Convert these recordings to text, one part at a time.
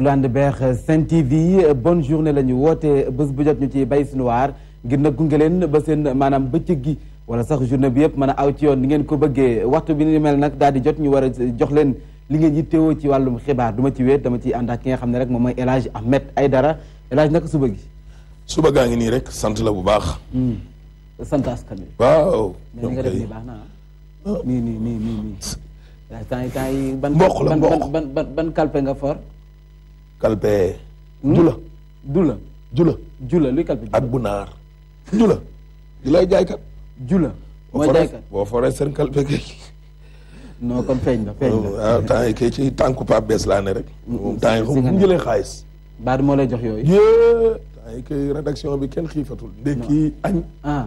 Landbert Sen TV bonne journée lañu woté bëss bu jot ñu ci bay suñu ngir na gunge leen ba seen manam bëcc gi wala sax journée bi yëpp mëna aw ci yoon ni ngeen ko bëggee waxtu bi ni mel nak daal di jot ñu wara jox leen li ngeen yittewoo ci walum xibaar duma ci wéet dama ci ànd ak ki nga xamné rek moom mooy Elage Ahmed Aidara Elage nak suba gi. suba gaa ngi nii rek sante la bu baax. Hmm. sant askan wi. waaw. donc nga def nii baax na ni ni ni ni ni yi temps ban ban ban ban kalpe nga for. kalpe hmm? jula dula jula jula luy kalpe ak bunaar jula julay jaaykat jula boo foree seen kalpe kay kon feeñ na feeñ na waaw ah, temps ci tànku Pape Bess laa ne rek hmm, moom temps yi xam mu xaalis baadu moo lay jox yooyu temps yi kay rédaction bi kenn xiifatul ndekki añ ah.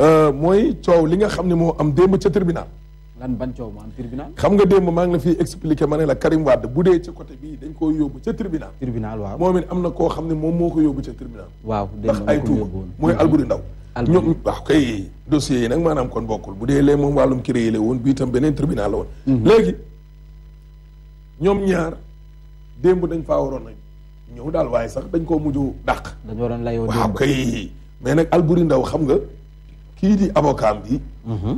Euh, mooy coow li nga xam ne moo am démb ca tribunal. lan ban coow moo am xam nga démb maa ngi la fiy expliqué ma ne la Karim Wade bu dee ca côté bii dañ ko yóbbu ca tribunal. tribunal waaw moom it am na koo xam ne moom moo ko yóbbu ca tribunal. waaw ndax ay tuuma mooy Alburi Ndaw. ñoom waaw kay dossiers yi maanaam kon bokkul bu dee lee moom wàllum créé la woon bii tam beneen tribunal la woon. Mhm. ñaar démb dañ faa waroon nañ ñëw daal waaye sax dañ koo mujj dàq. dañoo doon layoo démb waaw kay mais nag Alburi Ndaw xam nga. kii di avocat bi. Mhm.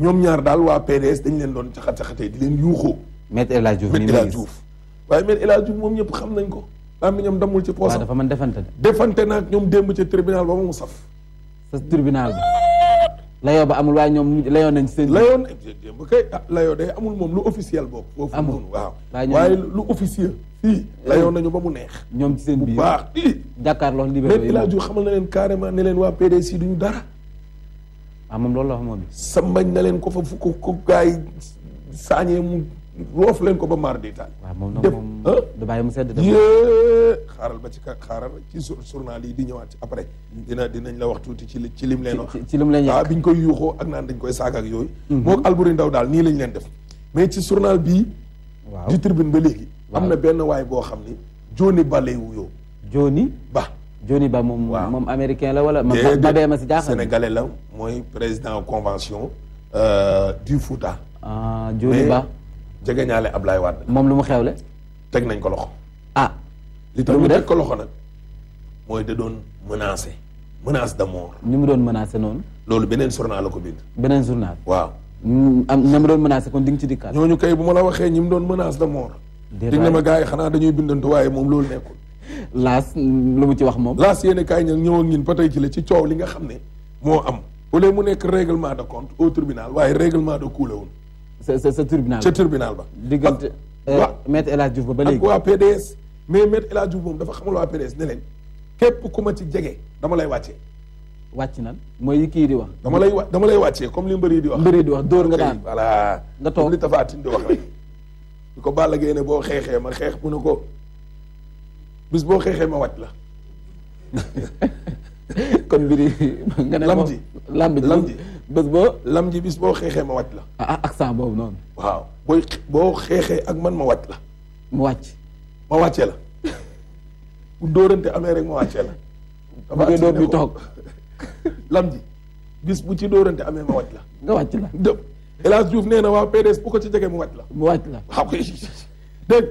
ñoom ñaar daal waa PDS dañ leen doon caxat caxatee di leen yuuxoo. maître El Hadj Diouf maître El Hadj Diouf waaye maître moom ñëpp xam nañ ko. am na ñoom damul ci poosam dafa mën defante de. defante naag ñoom démb ca tribunal ba mu saf. sa tribunal bi. layoo ba amul waaye ñoom layoon nañ seen. layoon ba kay ah layoo day amul moom lu officiel boobu. foofu noonu waaw. waaye lu officiel. fii layoon nañu ba mu neex. ñoom ci seen biir bu baax fii. jàkkaarloo libéraux yi maître El na leen carrément ne leen waa PDS yi duñu dara ah moom loolu la wax moom it. sambañ na leen ko fa fu ko ko gars yi saañee mu roof leen ko ba maar di taal. waaw ah, moom nag moom ah? du bàyyi mu sedd. xaaral ba ci ka xaaral ci journal yi di ñëwaat ci après. dina dinañ la wax tuuti ci li ci lim leen wax. ci lim leen yàq ah, biñ koy yuuxoo ak naan dañ koy saag ak yooyu. Mhm. moo Alburi Ndaw daal nii lañ leen def. mais ci journal bii. waaw di tribune ba léegi. am na benn waay boo xam ni. Johnny Ba lay wuyoo. Johnny Ba. Johnny Ba moom. waaw moom américain la wala. mabee ma si jaaxal sénégalais la mooy président convention euh, du Fouta. ah Johnny Ba mais jegeñaale Ablaye Wade. moom lu mu xewle. teg nañ ko loxo. ah. li tax ñu teg ko loxo nag mooy da doon menacé menace de mort. ni mu doon menacé noonu. loolu beneen journal la ko bind. beneen journal. waaw. am na mu doon menacé kon di ci dikkaat. ñooñu kay bu ma la waxee ñi mu doon menace de mort. dégg nga ma gars yi xanaa dañuy bindantu waaye moom loolu nekkul. laas lu mu ci wax moom laas yéen kaay ñag ñëwoon ñun ba tey ci la ci coow li nga xam ne moo am au lieu mu nekk règlement de compte tribunal waaye réglement de coût woon sa sa tribunal ba diggante euh, maître El Hadj Diouf ba ba léegi ak waa PDS mais maître El Hadj Diouf moom dafa xamal waa PDS ne leen képp ku ma ci jege dama lay wàccee wàcc nan mooy kii di wax dama lay wa dama lay wàccee comme li mbëri di wax mbëri di wax dóor nga daan voilà nga toog li Tapha Tine di wax rek li ko Balla Gaye ne boo xeexee ma xeex bu ne ko bis boo xeexee ma wàcc la. kon mbir nga ne lam ji lam ji lam ji bés boo lam bis boo xeexee ma wàcc la ah accent boobu noonu waaw boy boo xeexee ak man ma wàcc la ma wàcc ma wàccee la bu dóorante amee rek ma wàccee la dama door bi toog lam bis bu ci dóorante amee ma wàcc la nga wàcc la dëpp hélas Hadj Diouf nee na waa PDS bu ko ci jegee mu wàcc la mu wàcc la waaw koy dégg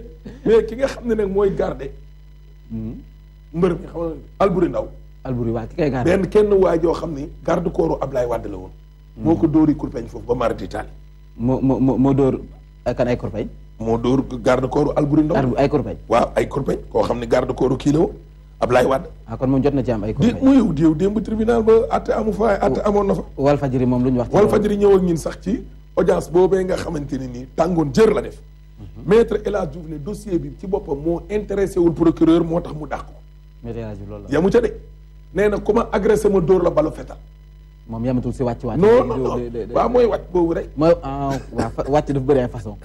mais ki nga xam ne nag mooy garde mbërëm xaw na Alburi Ndaw. Alburi waa ki kay garde benn kenn waa joo xam ni garde corps Ablaye Wade la woon. moo ko dóori kurpeñ foofu ba mara di taal. moo moo moo dóor kan ay kurpeñ. moo dóor garde corps Alburi Ndaw. ay kurpeñ. waaw ay kurpeñ koo xam ne garde corps kii la woon Ablaye Wade. Ah, kon moom jot na ci am ay kurpeñ. di mu yow di tribunal ba atte amu fa atte amoon na fa. Walfadjri moom lu ñu wax. Walfadjri ñëw ak ñun sax ci audience boobee nga xamante ne nii tàngoon jër la def. Mhm. maître El Diouf le dossier bi ci bopam mo intéressé wul procureur motax tax mu dàq maître El Diouf loolu yamu ci dé nee na ma agressé ma dóor la balu fetal. moom yamatul si wàcc wàcc. non non non waaw mooy wàcc rek. ma ah waaw wàcc façon.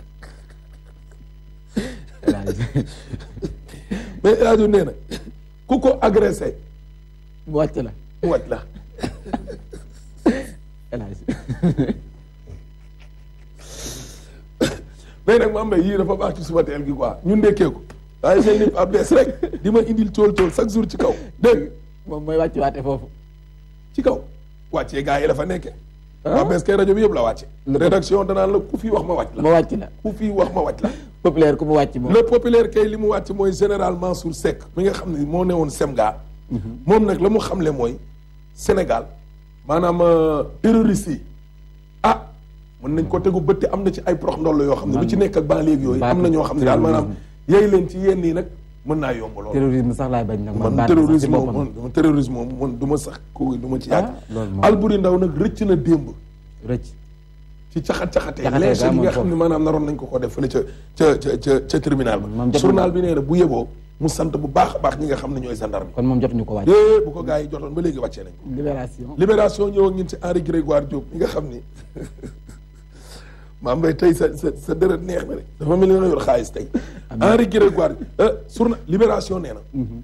mais El Hadj Diouf nee na ko agressé. wàcc la wàcc la. El mais nag ma am ne yii dafa baax ci suba tel gi quoi ñun ndekkee ko waaye seen i ab des rek di ma indil cool tool chaque jour ci kaw dégg moom mooy wàcc waate foofu ci kaw wàccee gars yi dafa nekkee ah. waa bees kay rajo bi yëpp la wàcce rédaction danaan la ku fii wax ma wàcc la ma wàcc la ku fii wax ma wàcc la populaire ku mu wàcc moom le populaire kay li mu wàcc mooy généralement sur Seck mi nga xam ne moo newoon semga mhm. moom nag la mu le mooy Sénégal maanaam euh, terroriste yi mën nañ ko tegu bëtti am na ci ay prox ndoll yoo xam ne lu ci nekk ak banlieue yooyu am na ñoo xam ne daal maanaam yey leen ci yenn yi nag mën naa yomb lool terrorisme sax laay bañ nag man terrorisme man terrorisme moom man du ma sax ko du ma ci yàgg ah, Alboury Ndao nag rëcc na démb rëcc ci caxat-caxatee léegi yi nga xam ne maanaam naroon nañ ko ko def fële ca ca ca ca tribunal ba journal bi nee na bu yeboo mu sant bu baax a baax ñi nga xam ne ñooy gendarme kon moom jotuñu ko wàcc bu ko gars yi jotoon ba léegi wàccee nañ ko libération libération ñëw ngeen ci Henri Grégoire Diop ñi nga xam ni maam Mbaye tey sa sa sa dërët neex na rek dafa mel ni xaalis tey. Henri Grégoire euh, surna libération nee na. Mhm.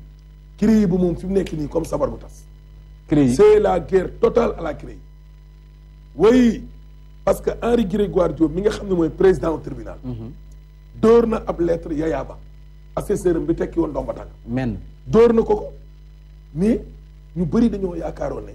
CREI bu moom fi mu nekk nii comme sabar bu tas. CREI c'est la guerre totale à la CREI. oui parce que Henri Grégoire Diop mi nga xam ne mooy président au tribinal mhm. dóor na ab lettre Yaya Ba assesseur bi tekki woon ndomba tànk. men dóor na ko ko mais ñu bëri dañoo yaakaaroon ne.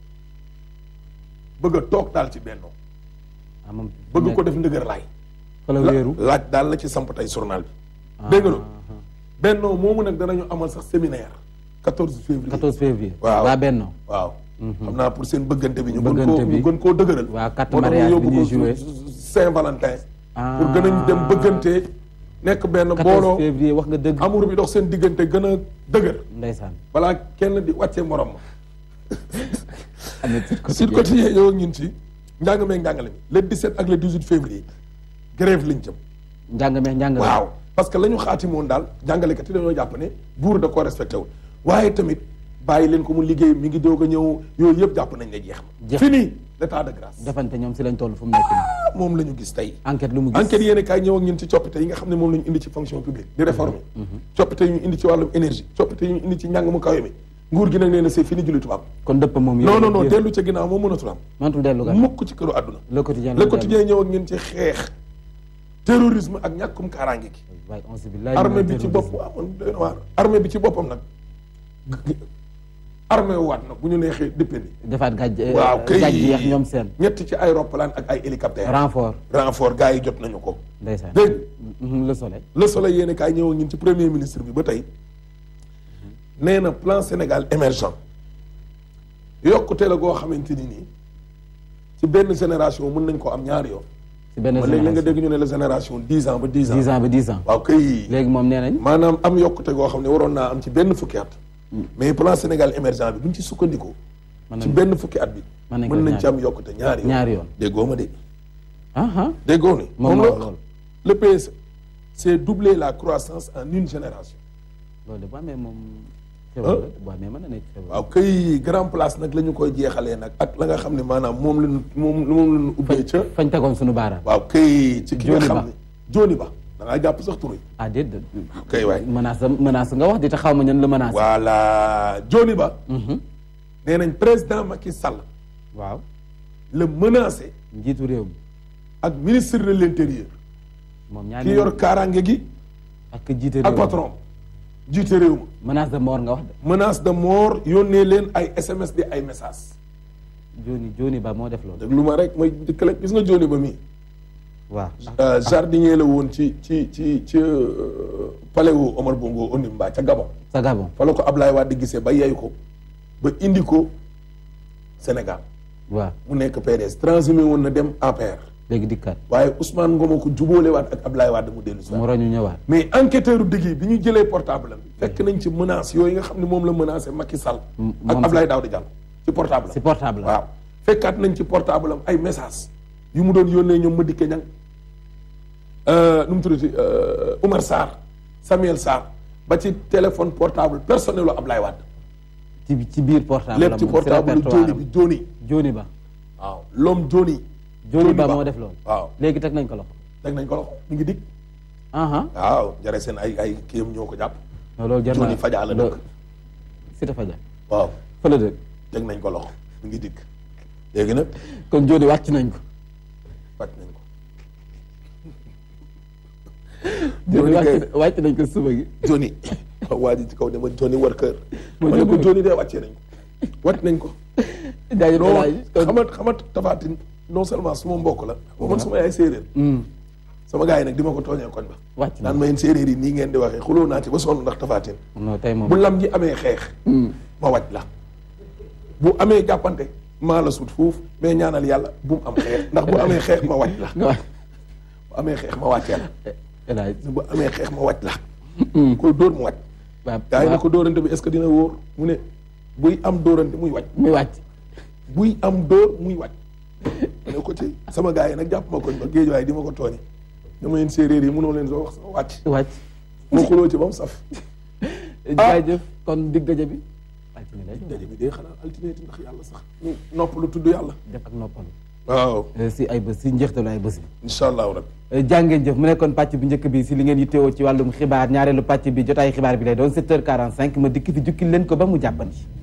bëgg a toog daal ci bennoo ah, bëgg ko def ndëgër laay laaj daal la ci samp tey journal bi ah, dégg nga loolu ah, bennoo moomu dana ñu amal sax séminaire quatorze février quatorze février waaw waa bennoo waaw mhm. xam naa pour seen bëggante bi ñu gën koo ñu gën koo dëgëral waaw carte mariage bi ñuy joué Saint Valentin pour gën a dem bëggante nekk benn booloo février wax nga dëgg amour bi dox seen diggante gën a dëgg ndeysaan balaa kenn di wàccee morom ma am na sur quotidien yow ak ñun ci njàng meeg njàngale mi le 17 ak le 18 février grève lañ la ñu xaati moon daal jàngalekat yi dañoo jàpp ne buur da koo respecté wul waaye tamit bàyyi leen ko mu liggéey mi ngi doog a ñëw yooyu yëpp jàpp nañ ne jeex fini l'état de grâce defante ñoom si lañ toll fu mu nekk ah, moom la ñu gis tey enquête lu mu gis enquête yéen nga xam ne moom la ñu indi ci fonction publique ni réformer mm-hmm. coppite yi ñu indi ci wàllum énergie coppite yi ñu indi ci njàng mu kawe nguur gi nag nee na c'est fini julli tubaab kon dëpp moom non non non dellu ca ginnaaw moom mënatul am mënatul dellu ga mukk ci këru àdduna le quotidien le quotidien ak ngeen ci xeex terrorisme ak ñàkkum kaaraange gi armée bi ci bopp na waar armée bi ci boppam nag armée waat nag bu ñu neexee dëppandi defaat gàjj euh, waaw kay yeex ñoom seen ñett ci ay roppalaan ak ay hélicoptère renfort renfort gars yi jot nañu ko ndeysaan dégg mm-hmm, le soleil le soleil yéen kaay ñëw ak ci premier ministre bi ba tey nee na plan Sénégal émergent yokkute la go xamante ni ci benn génération mën nañ ko am ñaar yoon. ci benn génération léegi nga dégg ñu né la génération 10 ans ba 10 ans. 10 ans ba 10 ans waaw kay. légui mom nee nañ. maanaam am yokkute goo go xamné waroon naa am ci benn fukki at. Hmm. mais plan Sénégal émergent bi buñ ci sukkandikoo. ci benn fukki at bi. mën nañ ci am yokkute ñaari yoon ñaari yoon déggoo ma de. Ah, ah. déggoo ni mom la le PS e, c'est doubler la croissance en une génération. loolu de mom Euh? waaw kay grand place nag la ñu koy jeexalee nag ak la nga xam ne maanaam moom lañu moom moom lañu ubbee ca fañ tegoon suñu baaraam waaw kay ci ki nga xam ne jooni ba da jàpp sax turu ah déedéet ah, kay waay menace menace nga wax di te xaw ma ñan la menace voilà jooni ba mm-hmm. nee nañ président Macky sal waaw la menacé njiitu réew mi ak ministre de l'intérieur ki yor kaaraange gi ak jiite réew jiite réew ma menace de mort nga wax de menace de mort yónnee leen ay sms di ay message Joni Joni Ba moo def loolu lu ma rek mooy dëkkale gis nga Joni Ba mii waaw euh, jardinier la woon ci ci ci ci euh, palais wu Omar Bongo Ondimba ca Gabon ca Gabon fa la ko Ablaye Wade gisee ba yey ko ba indi ko Sénégal waaw mu nekk PDS transhumé woon na dem APR léegi dikkaat waaye Ousmane Ngomo ko waat ak Ablaye Wade mu dellu si mu roñu ñëwaat mais enquêteur dëgg bi ñu jëlee portable am fekk nañ ci menace yooyu nga xam ne moom la menacé Macky Sall ak Ablaye Daouda Diallo ci portable am ci portable waaw fekkaat nañ ci portable am ay message yu mu doon yónnee ñoom ma dikke ñang euh, nu mu tuddati euh, Oumar Sarr Samuel Sarr ba ci téléphone portable personnel u Ablaye Wade ci ci biir portable lépp ci portable jooni bi jooni jooni ba waaw l'homme jooni Jóob Ba moo def lool waaw léegi teg nañ ko loxo teg nañ ko loxo ngi dig aha waaw jare seen ay ay kiyam ñoo ko jàpp loolu jar na faja la dëkk si ta faja waaw fële dëkk teg nañ ko loxo mi ngi dig léegi nag kon wàcc nañ ko wàcc nañ ko wàcc nañ ko suba gi Joni waa ci kaw ne ma Joni war kër ma ne nañ ko wàcc nañ ko jaajëf xamat xamat tafaatin non seulement suma mbokk la ba man suma yaay séeréer hmm. sama gars yi nag di ma ko tooñee koñ ba wàcc ma yéen séeréer yi nii ngeen di waxee xuloo naa ci ba sonn ndax tafaatin bu amee xeex hmm. ma wàcc la bu amee jàppante maa la sut foofu mais ñaanal yàlla bu am xeex ndax bu amee xeex ma wàcc la bu amee xeex ma wàccee la eh, amee xeex ma wàcc la hmm. ko dóor mu wàcc gaa yi ne ko dóorante bi est-ce que dina wóor mu ne buy am dóorante muy wàcc muy wàcc buy am dóor muy wàcc ne ko ci sama gaa yi nag jàpp ma koñ géej waaye di ma ko tooñi dama leen séeréer yi mënoo leen soo wax wàcc wàcc mu xuloo ci ba mu saf jaajëf kon dig daje bi altine lay daje bi xanaa altine ndax yàlla sax ñu noppalu tudd def ak noppalu waaw eh, si ay bés si njeextalu ay bés bi incha allahu rabbi eh, jàngeen jëf mu nekkoon pàcc bi njëkk bi si li ngeen yittewoo ci wàllum xibaar ñaareelu pàcc bi jotaay xibaar bi lay doon 7 heures 45 ma dikk fi jukki leen ko ba mu jàppandi